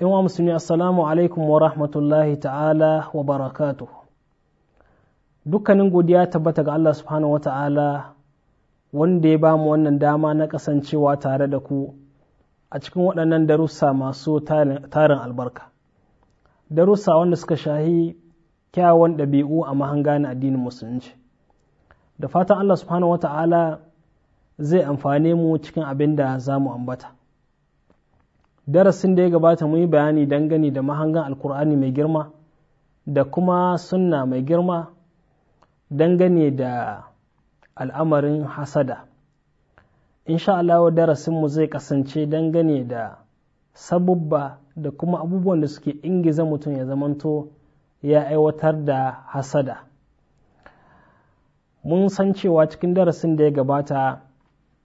in wa musulmi assalamu alaikum wa rahmatullahi ta'ala wa barakatu dukkanin godiya tabbata ga Allah subhanahu wa ta'ala wanda ya ba mu wannan dama na kasancewa tare da ku a cikin waɗannan darussa masu tarin albarka darussa wanda suka shahi kyawun ɗabi'u a mahanga na addinin musulunci da fatan Allah subhanahu wa ta'ala zai amfane mu cikin abin da za mu ambata darasin da ya gabata mu yi bayani dangane da mahangan alkur'ani mai girma da kuma sunna mai girma dangane da al'amarin hasada insha Allah darasinmu zai kasance dangane da sabubba da kuma abubuwan da suke ingiza mutum ya zamanto ya aiwatar da hasada mun san cewa cikin darasin da ya gabata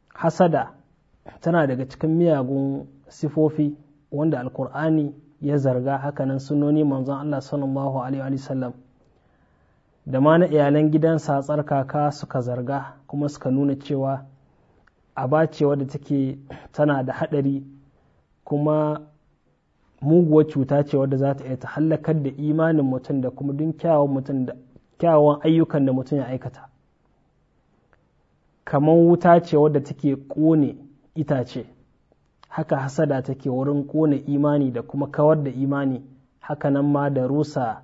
hasada tana daga cikin miyagun sifofi wanda alkur'ani ya zarga hakanan sunoni manzon Allah sallallahu alaihi wa sallam da ma na iyalan gidan satsar kaka suka zarga kuma suka nuna cewa abacewa da take tana da haɗari kuma muguwar cuta ce wadda za ta iya ta hallakar da imanin mutum da kuma duk kyawawan ayyukan da mutum ya aikata kamar wuta ce wadda take ƙone itace haka hasada take wurin kone imani da kuma kawar da imani haka nan ma da rusa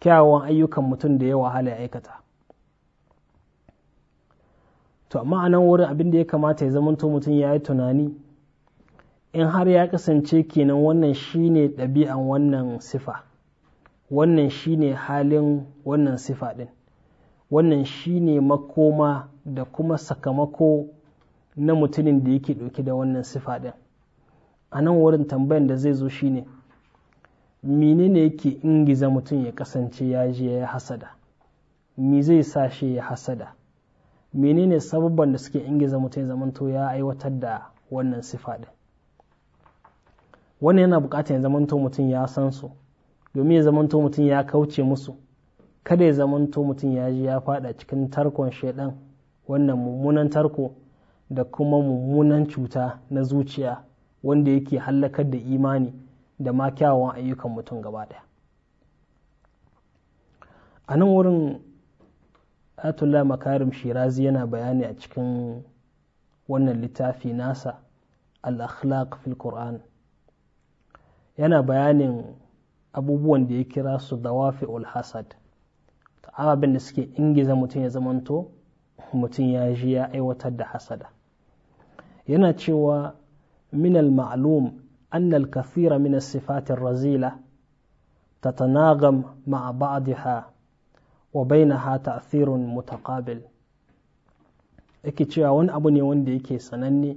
kyawawan ayyukan mutum da ya wahala ya aikata to amma a wurin abin da ya kamata ya zamanto mutum ya yi tunani in har ya kasance kenan wannan shine ɗabi'an wannan sifa wannan shine halin wannan sifa ɗin wannan shine makoma da kuma sakamako na mutumin da yake ɗauke da wannan sifa ɗin a nan wurin tambayan da zai zo shine menene yake ingiza mutum ya kasance ya je ya hasada me zai sa shi ya hasada menene sababban da suke ingiza mutum ya zamanto ya aiwatar da wannan sifa ɗin wannan yana buƙatar ya zamanto mutum ya san su domin ya zamanto mutum ya kauce musu kada ya zamanto mutum ya ji ya fada cikin tarkon shaidan wannan mummunan tarko da kuma mummunan cuta na zuciya wanda yake hallakar da imani da ma kyawawan ayyukan mutum gaba ɗaya a nan wurin atullah makarim shirazi yana bayani a cikin wannan littafi nasa al-akhlaq fil qur'an yana bayanin abubuwan da ya kira su dawafi ul hasad abin da suke ingiza mutum ya zamanto mutum ya ji ya aiwatar da hasada yana cewa minal ma'lum annal kathira min sifatin razila tatanagam ma'a ba'diha wa bainaha ta'thirun mutaqabil yake cewa wani abu ne wanda yake sananne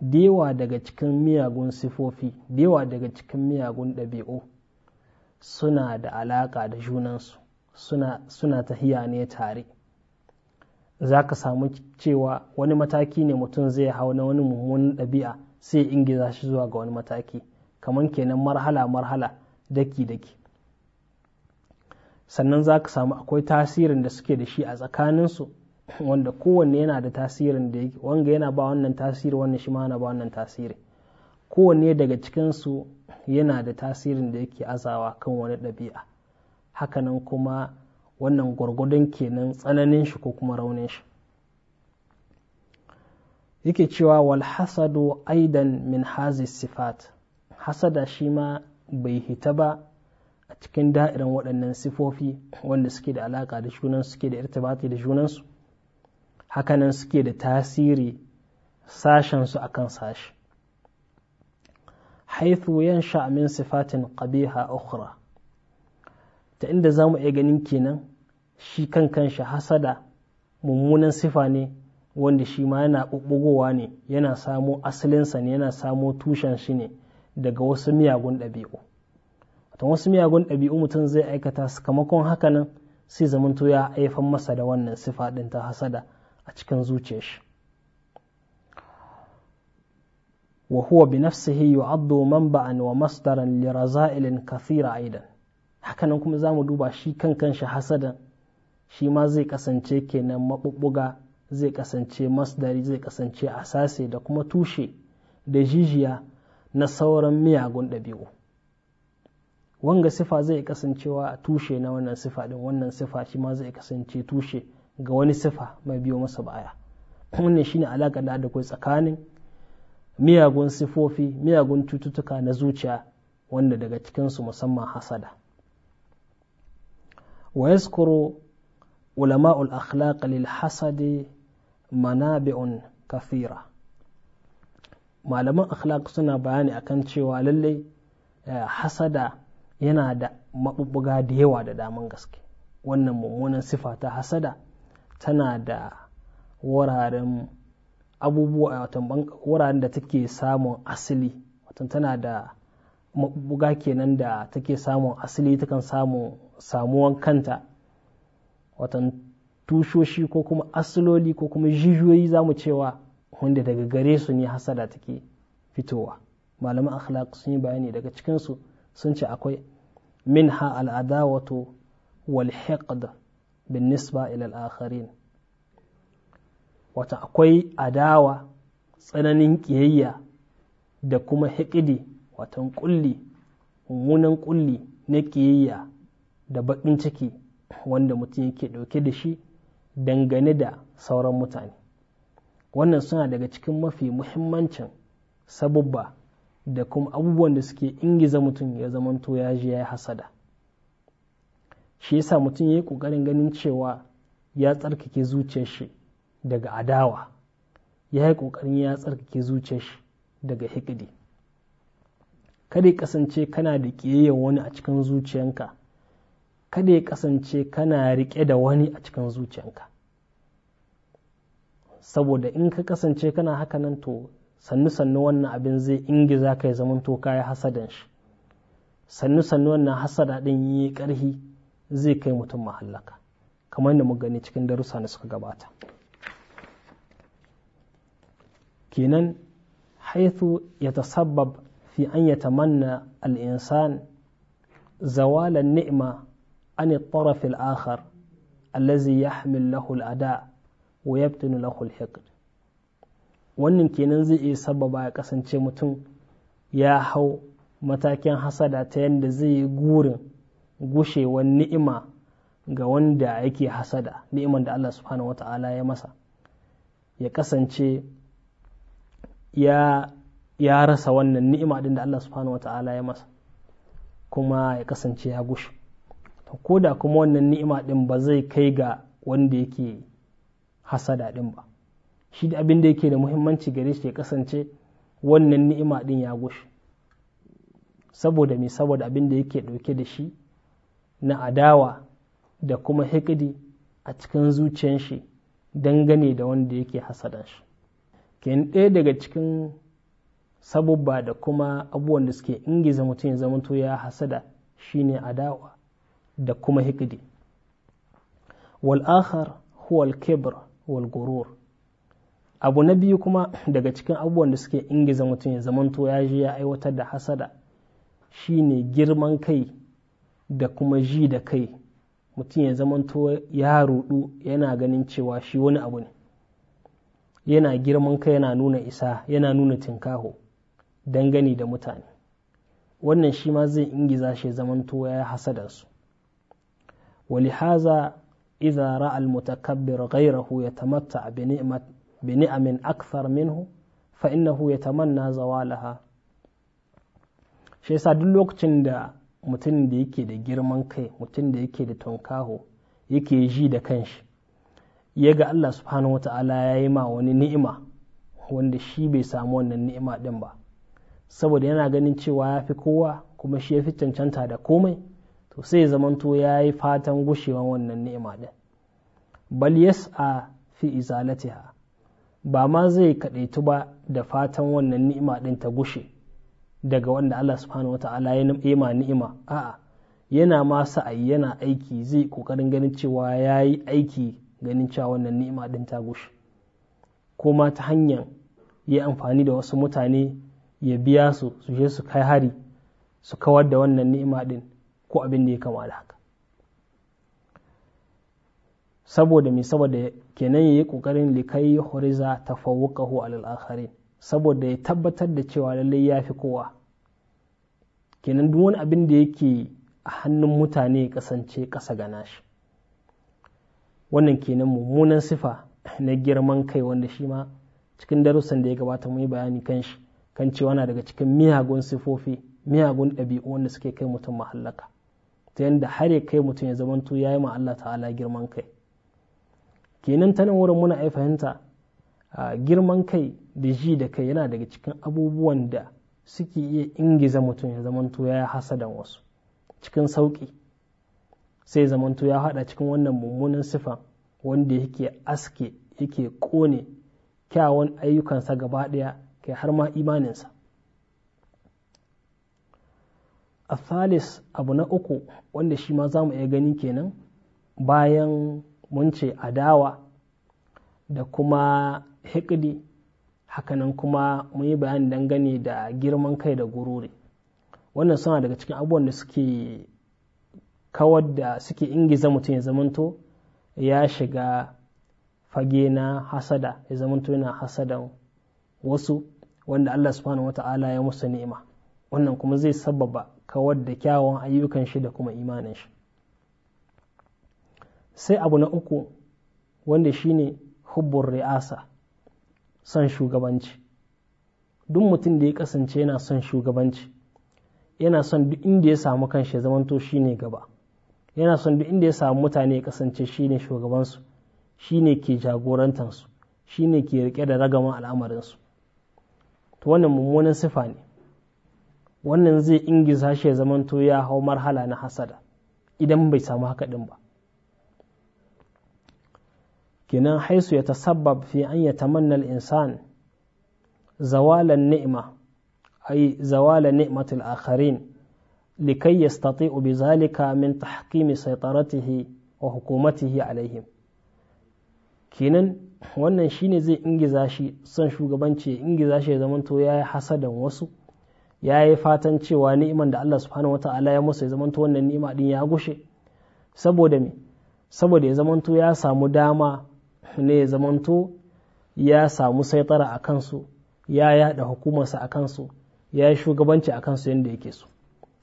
dewa daga cikin miyagun sifofi dewa daga cikin miyagun ɗabi'u suna da alaƙa da junansu suna, suna tahiya ne tare za ka samu cewa wani mataki ne mutum zai hau na wani mummunan ɗabi'a sai ya ingiza shi zuwa ga wani mataki kamar kenan marhala-marhala daki-daki sannan za ka samu akwai tasirin da suke da shi a tsakaninsu wanda kowanne yana da tasirin da yake wanga yana ba wannan tasiri wannan shi ma yana ba wannan tasiri kowanne daga cikinsu yana da tasirin da yake azawa kan wani ɗabi'a hakanan kuma wannan gwargwadon kenan tsananin shi ko kuma raunin shi yake cewa wal hasadu aidan min hazi sifat hasada shi ma bai hita ba a cikin da'irin waɗannan sifofi wanda suke da alaƙa da junan suke da irtibati da junansu hakanan suke da tasiri sashensu a kan sashi haithu yan sha'amin sifatin ƙabiha ukhra ta inda za mu iya ganin kenan shi kan kanshi hasada mummunan sifa ne wanda shi ma yana ɓuɓɓugowa ne yana samo asalinsa ne yana samo tushen shi ne daga wasu miyagun ɗabi'u watan wasu miyagun ɗabi'u mutum zai aikata sakamakon haka nan, sai zamanto ya haifar masa da wannan sifa ɗin ta hasada a cikin zuciyar shi wa huwa bi nafsihi yu'addu manba'an wa masdaran li raza'ilin kathira aidan hakanan kuma za mu duba shi kan kanshi hasadan shi ma zai kasance kenan maɓuɓɓuga zai kasance masdari zai kasance asase da kuma tushe da jijiya na sauran miyagun ɗabi'u wanga sifa zai kasancewa a tushe na wannan sifa din wannan sifa shi ma zai kasance tushe ga wani sifa mai biyo masa baya wannan shine alaƙa da da tsakanin miyagun sifofi miyagun cututtuka na zuciya wanda daga cikinsu musamman hasada ويذكر علماء الأخلاق للحسد منابع كثيرة malaman akhlaq suna bayani akan cewa lallai hasada yana da mabubbuga da yawa da daman gaske wannan mummunan sifa ta hasada tana da wuraren abubuwa watan wuraren da take samun asali watan tana da mabubbuga kenan da take samun asali takan samun samuwan kanta watan tushoshi ko kuma asaloli ko kuma jijiyoyi za mu cewa wanda daga gare su ne hasada take fitowa malaman akhlaq sun yi bayani daga cikinsu sun ce akwai minha al'adawatu wal hiqd bin nisba ila akharin wata akwai adawa tsananin ƙiyayya da kuma hiƙidi watan ƙulli munan ƙulli na ƙiyayya da baƙin ciki wanda mutum yake ɗauke da shi dangane da sauran mutane wannan suna daga cikin mafi muhimmancin sabubba da kuma abubuwan da suke ingiza mutum ya zamanto ya ji ya yi hasada shi yasa mutum ya yi ƙoƙarin ganin cewa ya tsarkake zuciyar shi daga adawa ya yi ƙoƙarin ya tsarkake zuciyar shi daga hikidi kada ya kasance kana da ƙiyayyar wani a cikin zuciyanka kada ya kasance kana riƙe da wani a cikin zuciyanka saboda in ka kasance kana haka nan to sannu sannu wannan abin zai ingiza ka ya zamanto kaya hasadan shi sannu sannu wannan hasada din yi ƙarfi zai kai mutum mahallaka kamar yadda muka gani cikin darussa da suka gabata kenan haithu ya tasabbab fi an yatamanna al-insan zawalan ni'ma عن الطرف الآخر الذي يحمل له الأداء ويبتن له الحقد wannan kenan zai iya sababa ya kasance mutum ya hau matakin hasada ta yadda zai yi gurin gushewar ni'ima ga wanda yake hasada ni'iman da Allah subhanahu wata'ala ya masa ya kasance ya ya rasa wannan ni'ima din da Allah subhanahu wata'ala ya masa kuma ya kasance ya gushe To ko da kuma wannan ni'ima ɗin ba zai kai ga wanda yake hasada ɗin ba shi da abin da yake da muhimmanci gare shi ya kasance wannan ni'ima ɗin ya gushi saboda mai saboda abin da yake ɗauke da shi na adawa da kuma hikidi a cikin zuciyar shi dangane da wanda yake hasadan shi kin ɗaya daga cikin sabubba da kuma abubuwan da suke ingiza mutum ya zamanto ya hasada shine adawa da kuma hikdi wal akhar huwa al kibr wal gurur abu na biyu kuma daga cikin abubuwan da suke ingiza mutum ya zamanto ya ji ya aiwatar da hasada shine girman kai da kuma ji da kai mutum ya zamanto ya rudu yana ganin cewa shi wani abu ne yana girman kai yana nuna isa yana nuna tinkaho dangane da mutane wannan shi ma zai ingiza shi zamanto ya hasadarsu izara ولهذا إذا رأى a غيره يتمتع بنعمة بنعم أكثر منه فإنه يتمنى زوالها shi yasa duk lokacin da mutum da yake da girman kai mutum da yake da tunkaho yake ji da kanshi ya ga Allah subhanahu wa ta'ala ya yi ma wani ni'ima wanda shi bai samu wannan ni'ima din ba saboda yana ganin cewa ya fi kowa kuma shi ya fi cancanta da komai to sai zamanto ya yi fatan gushewa wannan ni'ima ɗin bal a fi izalatiha ba ma zai kaɗaitu ba da fatan wannan ni'ima ɗin ta gushe daga wanda Allah subhanahu wa ta'ala ya ni'ima ni'ima a'a yana ma sa'ayi yana aiki zai kokarin ganin cewa ya yi aiki ganin cewa wannan ni'ima ɗin ta gushe kuma ta hanyar ya amfani da wasu mutane ya biya su su je su kai hari su kawar da wannan ni'ima ɗin ko abin da ya kama da haka saboda mai saboda kenan ya yi ƙoƙarin likai horiza ta kaho a lal'akari saboda ya tabbatar da cewa lallai ya fi kowa kenan duk wani abin da yake a hannun mutane kasance ƙasa gana shi wannan kenan mummunan sifa na girman kai wanda shi ma cikin darussan da ya gabata mu yi bayani kan shi kan cewa na daga cikin miyagun sifofi miyagun ɗabi'u wanda suke kai mutum mahallaka ta yadda har ya kai mutum ya zamanto ya yi ma Allah ta'ala girman kai kenan ta nan wurin muna ai fahimta girman kai da ji da kai yana daga cikin abubuwan da suke iya ingiza mutum ya zamanto ya hasadan wasu cikin sauƙi sai zamanto ya haɗa cikin wannan mummunan sifa wanda yake aske yake ƙone kyawun ayyukansa gaba ɗaya kai har ma imaninsa a thalis abu na uku wanda shi ma za mu iya gani kenan bayan mun ce adawa da kuma hikdi hakanan kuma mun yi bayani dangane da girman kai da gururi wannan suna daga cikin abubuwan da suke kawar da suke ingiza mutum ya zamanto ya shiga fage na hasada ya zamanto yana hasadan wasu wanda Allah subhanahu Ta'ala ya musu ni'ima wannan kuma zai sababa kawar da kyawun ayyukan shi da kuma imanin shi sai abu na uku wanda shine hubbun ri'asa son shugabanci duk mutum da ya kasance yana son shugabanci yana son duk inda ya samu kanshi zamanto shine gaba yana son duk inda ya samu mutane ya kasance shine shugabansu shine ke jagorantansu shine ke rike da ragaman al'amarinsu to wannan mummunan sifa ne wannan zai ingizashi shi ya zamanto ya hau marhala na hasada idan bai samu haka ɗin ba kinan haisu ya tasabbab fi an ya tamannal insan zawalan ni'ma ay zawalan ni'matul akharin likai yastati'u bizalika min tahkimi saytaratihi wa hukumatihi alaihim kinan wannan shine zai ingiza shi son shugabanci ingiza shi ya zamanto ya yi hasadan wasu ya yi fatan cewa ni'iman da Allah subhanahu wa ta'ala ya masa ya zamanto wannan ni'ima din ya gushe saboda me saboda ya zamanto ya samu dama ne ya zamanto ya samu saitara a kansu ya yada hukumarsa a kansu ya yi shugabanci a kansu yadda yake so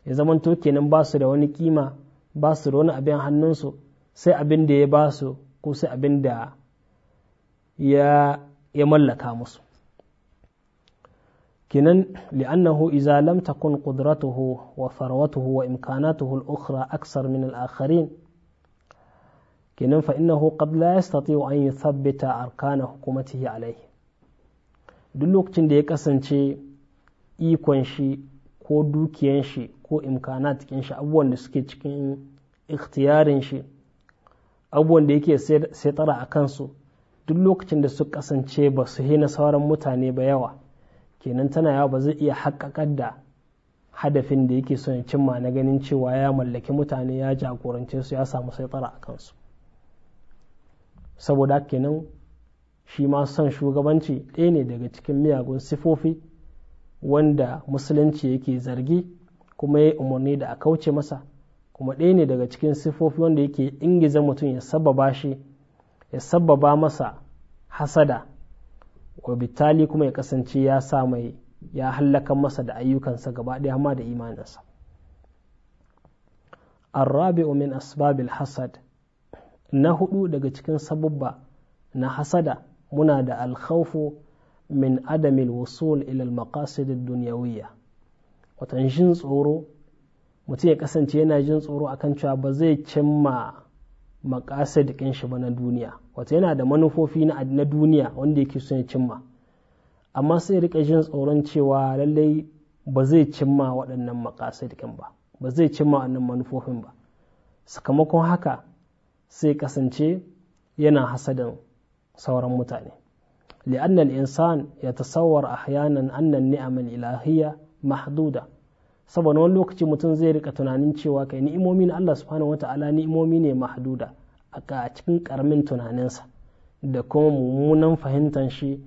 ya zamanto kenan ba su da wani kima ba su da wani abin hannunsu sai abin da ya ba su ko sai abin da ya mallaka musu kenan li'annahu iza lam takun qudratuhu wa farwatuhu wa imkanatuhu al-ukhra aksar min al-akharin kenan fa innahu qad la yastati'u an yuthabbita arkana hukumatihi alayhi duk lokacin da ya kasance ikon shi ko dukiyan shi ko imkanat kin shi abubuwan da suke cikin ikhtiyarin shi abubuwan da yake sai tsara a kansu duk lokacin da su kasance ba su hina sauran mutane ba yawa kenan tana yawa ba zai iya haƙaƙar da hadafin da yake son cimma na ganin cewa ya mallaki mutane ya jagorance su ya samu saitara a kansu saboda kenan shi ma son shugabanci ɗaya ne daga cikin miyagun sifofi wanda musulunci yake zargi kuma ya umarni da a kauce masa kuma ɗaya ne daga cikin sifofi wanda yake ingiza mutum ya sababa shi ya sababa masa hasada ko kuma ya kasance ya sa mai ya hallaka masa da ayyukansa gaba ɗaya ma da imaninsa arrabi'u min asbabil hasad na hudu daga cikin sabubba na hasada muna da alkhawfu min adamil wusul ilal al duniyawiyya ad-dunyawiyya watan jin tsoro mutum ya kasance yana jin tsoro akan cewa ba zai cimma maƙasar da shi ba na duniya wata yana da manufofi na duniya wanda yake son ya cimma amma sai rika jin tsoron cewa lallai ba zai cimma waɗannan maƙasar ba ba zai cimma waɗannan manufofin ba sakamakon haka sai kasance yana hasadan sauran mutane li'annal insan ya tasawwar ahyanan annan ni'amal ilahiyya mahduda saboda wani lokaci mutum zai rika tunanin cewa kai ni'imomi na Allah subhanahu wata'ala ni'imomi ne mahduda a cikin karamin tunaninsa da kuma mummunan fahimtar shi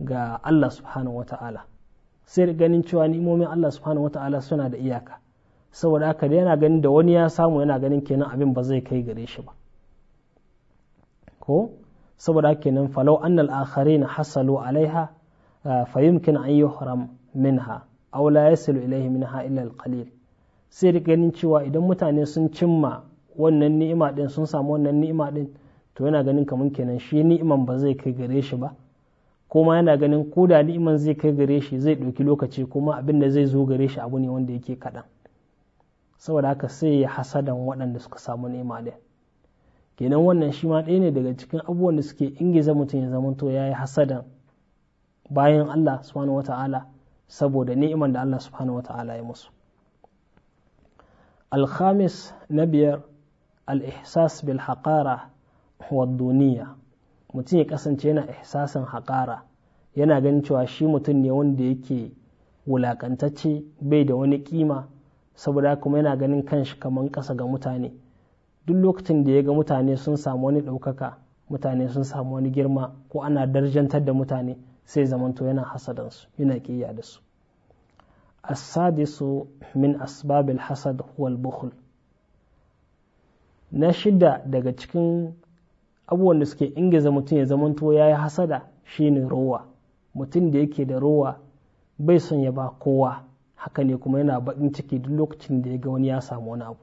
ga Allah subhanahu wata'ala sai ganin cewa ni'imomin Allah subhanahu wata'ala suna da iyaka saboda haka da yana ganin da wani ya samu yana ganin kenan abin ba zai kai gare shi ba ko saboda haka kenan falau annal akharin hasalu alaiha fa yumkin an yuhram minha aw la yasilu ilaihi minha illa alqalil sai da ganin cewa idan mutane sun cimma wannan ni'ima din sun samu wannan ni'ima din to yana ganin kamar kenan shi ni'iman ba zai kai gare shi ba kuma yana ganin ko da ni'iman zai kai gare shi zai ɗauki lokaci kuma abin da zai zo gare shi abu ne wanda yake kaɗan saboda haka sai ya hasadan waɗanda suka samu ni'ima din kenan wannan shi ma ɗaya ne daga cikin abubuwan da suke ingiza mutum ya zamanto ya yi hasadan bayan Allah subhanahu wata'ala saboda ni'iman da Allah subhanahu wa ta'ala ya musu alhamis na biyar al-ihsas bil haƙara wa duniya mutum ya kasance yana ihsasin haƙara yana ganin cewa shi mutum ne wanda yake wulakantacce bai da wani kima saboda kuma yana ganin kanshi kamar ƙasa ga mutane duk lokacin da ya ga mutane sun samu wani ɗaukaka mutane sun samu wani girma ko ana darjantar da mutane sai zamanto yana hasadansu yana ƙiyya da su asadisu min asbabil hasad huwal buhul na shida daga cikin abubuwan da suke ingiza mutum ya zamanto ya yi hasada shine rowa mutum da yake da rowa bai son ya ba kowa haka ne kuma yana baƙin ciki duk lokacin da ya ga wani ya samu wani abu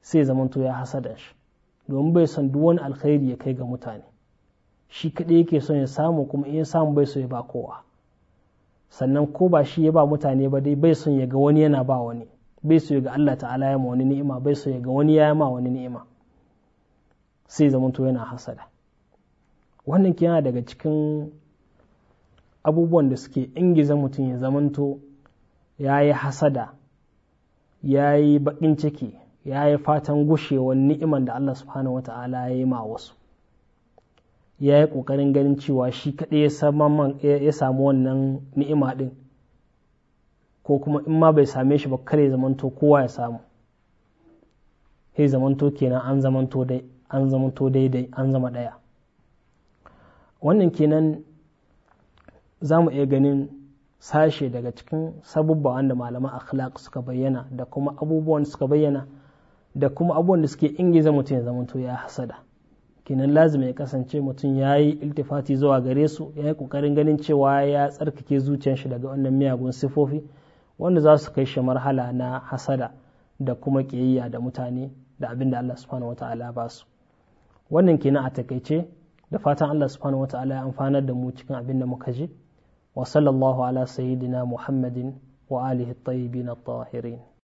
sai zamanto ya hasada shi domin bai son duk wani alkhairi ya kai ga mutane shi kaɗai yake son ya samu kuma in ya samu bai so ya ba kowa sannan ko ba shi ya ba mutane ba dai bai son ya ga wani yana ba wani bai so ya ga Allah ta'ala ya ma wani ni'ima bai so ya ga wani ya ma wani ni'ima sai zamanto yana hasada wannan ke yana daga cikin abubuwan da suke ingiza mutum ya zamanto ya yi hasada ya yi baƙin ciki ya yi fatan gushewar ni'iman da Allah subhanahu wa ta'ala ya yi ma wasu ya yi ƙoƙarin ganin cewa shi kaɗai ya samu wannan ni'ima ɗin ko kuma in ma bai same shi ba kare zamanto kowa ya samu sai zamanto kenan an zamanto dai an zamanto daidai an zama ɗaya wannan kenan za mu iya ganin sashe daga cikin sabubba wanda malaman akhlaq suka bayyana da kuma abubuwan suka bayyana da kuma abubuwan da suke ingiza mutum ya zamanto ya hasada kenan lazima ya kasance mutum ya yi iltifati zuwa gare su ya yi ƙoƙarin ganin cewa ya tsarkake zuciyar shi daga wannan miyagun sifofi wanda za su kai shi marhala na hasada da kuma ƙiyayya da mutane da abin da Allah subhanahu wata'ala ba su wannan kenan a takaice da fatan Allah subhanahu wata'ala ya amfanar da mu cikin abin da muka ji wa sallallahu ala sayyidina muhammadin wa alihi tayyibin at-tahirin